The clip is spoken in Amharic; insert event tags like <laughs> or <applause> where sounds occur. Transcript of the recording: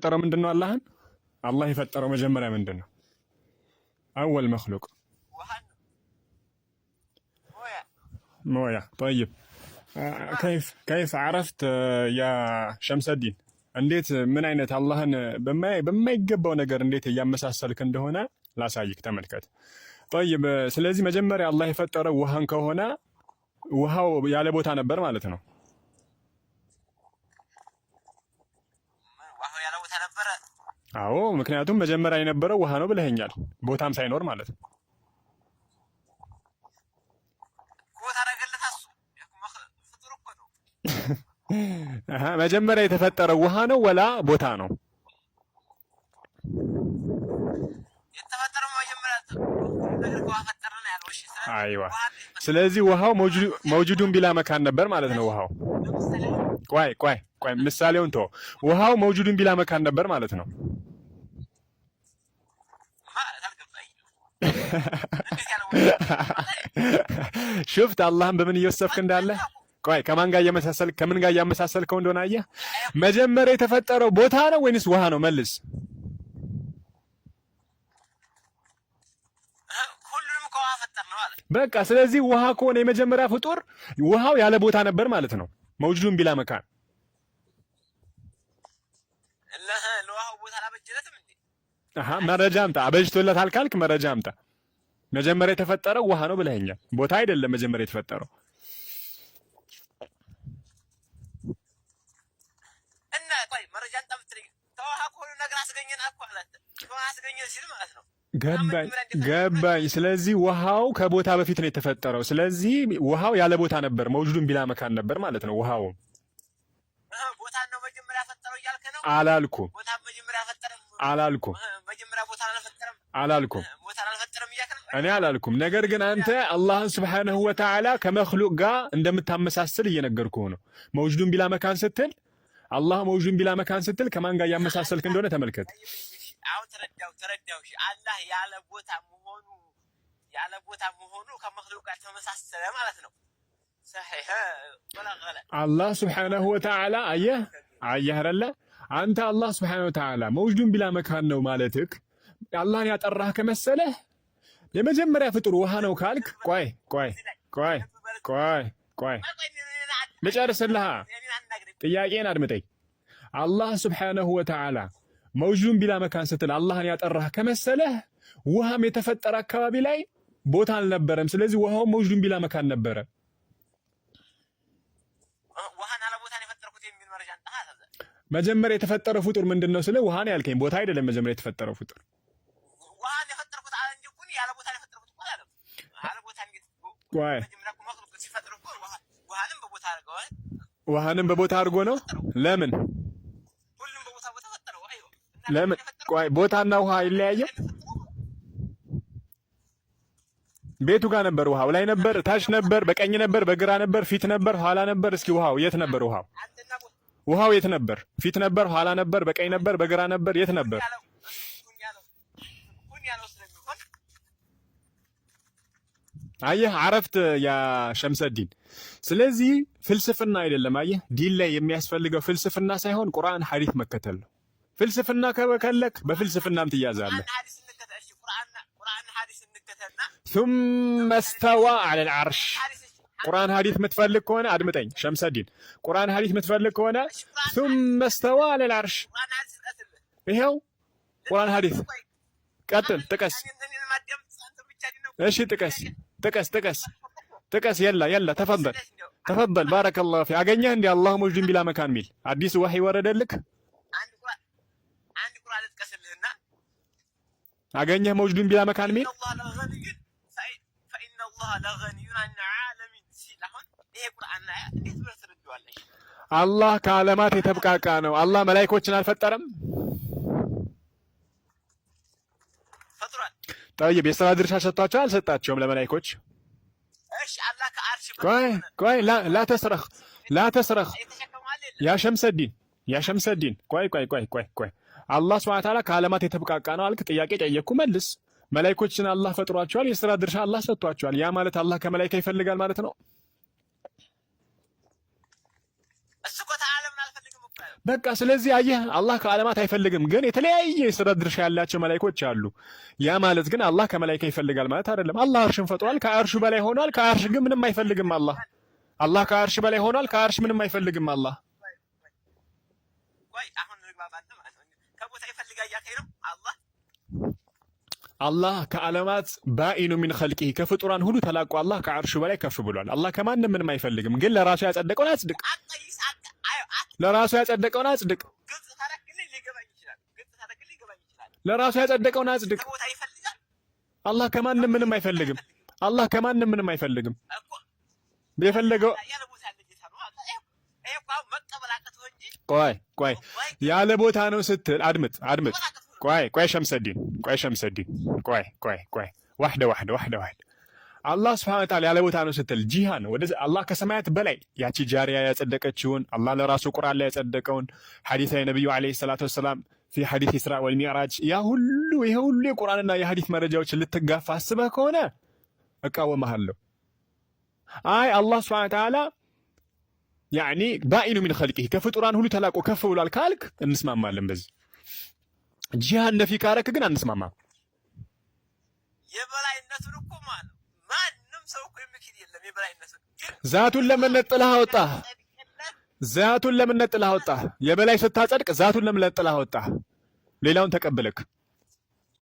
የፈጠረው ምንድን ነው? አላህን አላህ የፈጠረው መጀመሪያ ምንድን ነው? አወል መክሉቅ ሞያ ጠይብ። ከይፍ አረፍት ያ ሸምሰዲን፣ እንዴት ምን አይነት አላህን በማይገባው ነገር እንዴት እያመሳሰልክ እንደሆነ ላሳይክ፣ ተመልከት። ጠይብ፣ ስለዚህ መጀመሪያ አላህ የፈጠረው ውሃን ከሆነ ውሃው ያለ ቦታ ነበር ማለት ነው። አዎ ምክንያቱም መጀመሪያ የነበረው ውሃ ነው ብለኸኛል፣ ቦታም ሳይኖር ማለት ነው። <laughs> መጀመሪያ የተፈጠረው ውሃ ነው ወላ ቦታ ነው? አይዋ ስለዚህ ውሃው መውጁዱን ቢላ መካን ነበር ማለት ነው። ውሃው ቆይ ቆይ ቆይ ምሳሌውን ተወው። ውሃው መውጁዱን ቢላ መካን ነበር ማለት ነው። ሽፍት አላህን በምን እየወሰፍክ እንዳለ ቆይ ከማን ጋር እየመሳሰል ከምን ጋር እያመሳሰልከው እንደሆነ አየህ። መጀመሪያ የተፈጠረው ቦታ ነው ወይንስ ውሃ ነው? መልስ በቃ ስለዚህ ውሃ ከሆነ የመጀመሪያ ፍጡር ውሃው ያለ ቦታ ነበር ማለት ነው። መውጁዱን ቢላ መካን መረጃ አምጣ። አበጅቶለት አልካልክ መረጃ አምጣ። መጀመሪያ የተፈጠረው ውሃ ነው ብለኸኛል። ቦታ አይደለም መጀመሪያ የተፈጠረው እና ቆይ መረጃ አምጣ ብትለኝ ተውሃ ከሆነ ነገር አስገኘን አኳ አላት አስገኘን ሲል ማለት ነው ገባኝ ገባኝ። ስለዚህ ውሃው ከቦታ በፊት ነው የተፈጠረው። ስለዚህ ውሃው ያለ ቦታ ነበር፣ መውጁዱን ቢላ መካን ነበር ማለት ነው። ውሃው አላልኩም አላልኩም አላልኩም እኔ አላልኩም። ነገር ግን አንተ አላህን ስብሓነሁ ወተዓላ ከመክሉቅ ጋር እንደምታመሳስል እየነገርኩህ ነው። መውጁዱን ቢላ መካን ስትል አላህ መውጁዱን ቢላ መካን ስትል ከማን ጋር እያመሳሰልክ እንደሆነ ተመልከት። አሁን ተረዳው ተረዳው። አላህ ያለ ቦታ መሆኑ ያለ ቦታ መሆኑ ከመክሉቅ ጋር ተመሳሰለ ማለት ነው። አላህ ስብሓነሁ ወተዓላ አየህ አየህ አይደለ አንተ አላህ ስብሓነሁ ወተዓላ መውጁድን ቢላ መካን ነው ማለትህ አላህን ያጠራህ ከመሰለህ የመጀመሪያ ፍጡር ውሃ ነው ካልክ፣ ቆይ ቆይ ቆይ ቆይ ቆይ ልጨርስልሃ፣ ጥያቄን አድምጠኝ። አላህ ስብሓነሁ ወተዓላ መውጁን ቢላ መካን ስትል አላህን ያጠራህ ከመሰለህ ውሃም የተፈጠረ አካባቢ ላይ ቦታ አልነበረም። ስለዚህ ውሃው መውጁን ቢላ መካን ነበረ። መጀመሪያ የተፈጠረው ፍጡር ምንድን ነው ስለ ውሃን ያልከኝ ቦታ አይደለም። መጀመሪያ የተፈጠረው ፍጡር ውሃንም በቦታ አድርጎ ነው ለምን ለምን ቆይ ቦታና ውሃ ይለያየው? ቤቱ ጋር ነበር፣ ውሃው ላይ ነበር፣ ታች ነበር፣ በቀኝ ነበር፣ በግራ ነበር፣ ፊት ነበር፣ ኋላ ነበር። እስኪ ውሃው የት ነበር? ውሃው ውሃው የት ነበር? ፊት ነበር፣ ኋላ ነበር፣ በቀኝ ነበር፣ በግራ ነበር፣ የት ነበር? አየህ አረፍት ያ ሸምሰዲን። ስለዚህ ፍልስፍና አይደለም። አየህ ዲን ላይ የሚያስፈልገው ፍልስፍና ሳይሆን ቁርአን ሐዲስ መከተል ነው። ፍልስፍና ከበከለክ በፍልስፍናም ትያዛለህ። ثم استوى على العرش ቁርአን ሐዲስ የምትፈልግ ከሆነ አድምጠኝ ሸምሰዲን። ቁርአን ሐዲስ የምትፈልግ ከሆነ ثم استوى على العرش ይሄው ቁርአን ሐዲስ። ቀጥል፣ ጥቀስ። እሺ ጥቀስ፣ ጥቀስ፣ ጥቀስ፣ ጥቀስ። የላ የላ ተፈበል ተፈበል ባረከላሁ ፊ አገኘህ እንዲ አላሁ ሙጅዲን ቢላ መካን ሚል አዲስ ወህይ ወረደልክ። አገኘህ መውጅዱን ቢላ መካልሜ አላህ ከዓለማት የተብቃቃ ነው። አላህ መላይኮችን አልፈጠረም? ጠይብ የስራ ድርሻ ሰጥቷቸው አልሰጣቸውም? ለመላይኮች ቆይ ላተስረኽ ላተስረኽ ያ ሸምሰዲን ቆይ ቆይ ቆይ ቆይ አላህ ስብሐነ ተዓላ ከዓለማት የተብቃቃ ነው አልክ። ጥያቄ ጠየቅኩ፣ መልስ። መላይኮችን አላህ ፈጥሯቸዋል። የስራ ድርሻ አላህ ሰጥቷቸዋል። ያ ማለት አላህ ከመላይካ ይፈልጋል ማለት ነው። በቃ ስለዚህ አየህ፣ አላህ ከዓለማት አይፈልግም፣ ግን የተለያየ የስራ ድርሻ ያላቸው መላይኮች አሉ። ያ ማለት ግን አላህ ከመላይካ ይፈልጋል ማለት አይደለም። አላህ አርሽን ፈጥሯል፣ ከአርሹ በላይ ሆኗል። ከአርሽ ግን ምንም አይፈልግም አላህ። አላህ ከአርሽ በላይ ሆኗል፣ ከአርሽ ምንም አይፈልግም አላህ ቦታ ይፈልጋ እያልከኝ ነው? አላህ አላህ ከዓለማት ባኢኑ ሚን ኸልቂ ከፍጡራን ሁሉ ተላቆ አላህ ከዓርሹ በላይ ከፍ ብሏል። አላህ ከማንም ምንም አይፈልግም፣ ግን ለራሱ ያጸደቀውን አጽድቅ፣ ለራሱ ያጸደቀውን አጽድቅ፣ ለራሱ ያጸደቀውን አጽድቅ። አላህ ከማንም ምንም አይፈልግም። አላህ ከማንም ምንም አይፈልግም። የፈለገው ቆይ ቆይ ያለ ቦታ ነው ስትል አድምጥ አድምጥ። ቆይ ቆይ ሸምሰዲን ቆይ ሸምሰዲን ቆይ ቆይ ቆይ ዋሕደ ዋሕደ ዋሕደ ዋሕደ አላህ ስብሐነ ወተዓላ ያለ ቦታ ነው ስትል ጂሃን ወደ አላህ ከሰማያት በላይ ያቺ ጃሪያ ያጸደቀችውን አላህ ለራሱ ቁርአን ላይ ያጸደቀውን ሐዲስ የነቢዩ ዓለይሂ ሰላቱ ወሰላም ፊ ሐዲስ ኢስራ ወልሚዕራጅ ያ ሁሉ ይሄ ሁሉ የቁርአንና የሐዲስ መረጃዎች ልትጋፋ አስበህ ከሆነ እቃወምሃለሁ። አይ አላህ ስብሐነ ወተዓላ ያኒ ባኢኑ ሚን ኸልቂህ ከፍጡራን ሁሉ ተላቆ ከፍ ብሏል ካልክ እንስማማለን። በዚህ ጂሃድ ነፊ ካረክ ግን አንስማማ። የበላይነቱን እኮ ማንም ሰው እኮ የሚክድ የለም። የበላይነቱን ዛቱን ለምን አወጣ ዛቱን ለምን አወጣ የበላይ ስታጸድቅ ዛቱን ለምን አወጣ ሌላውን ተቀበለክ።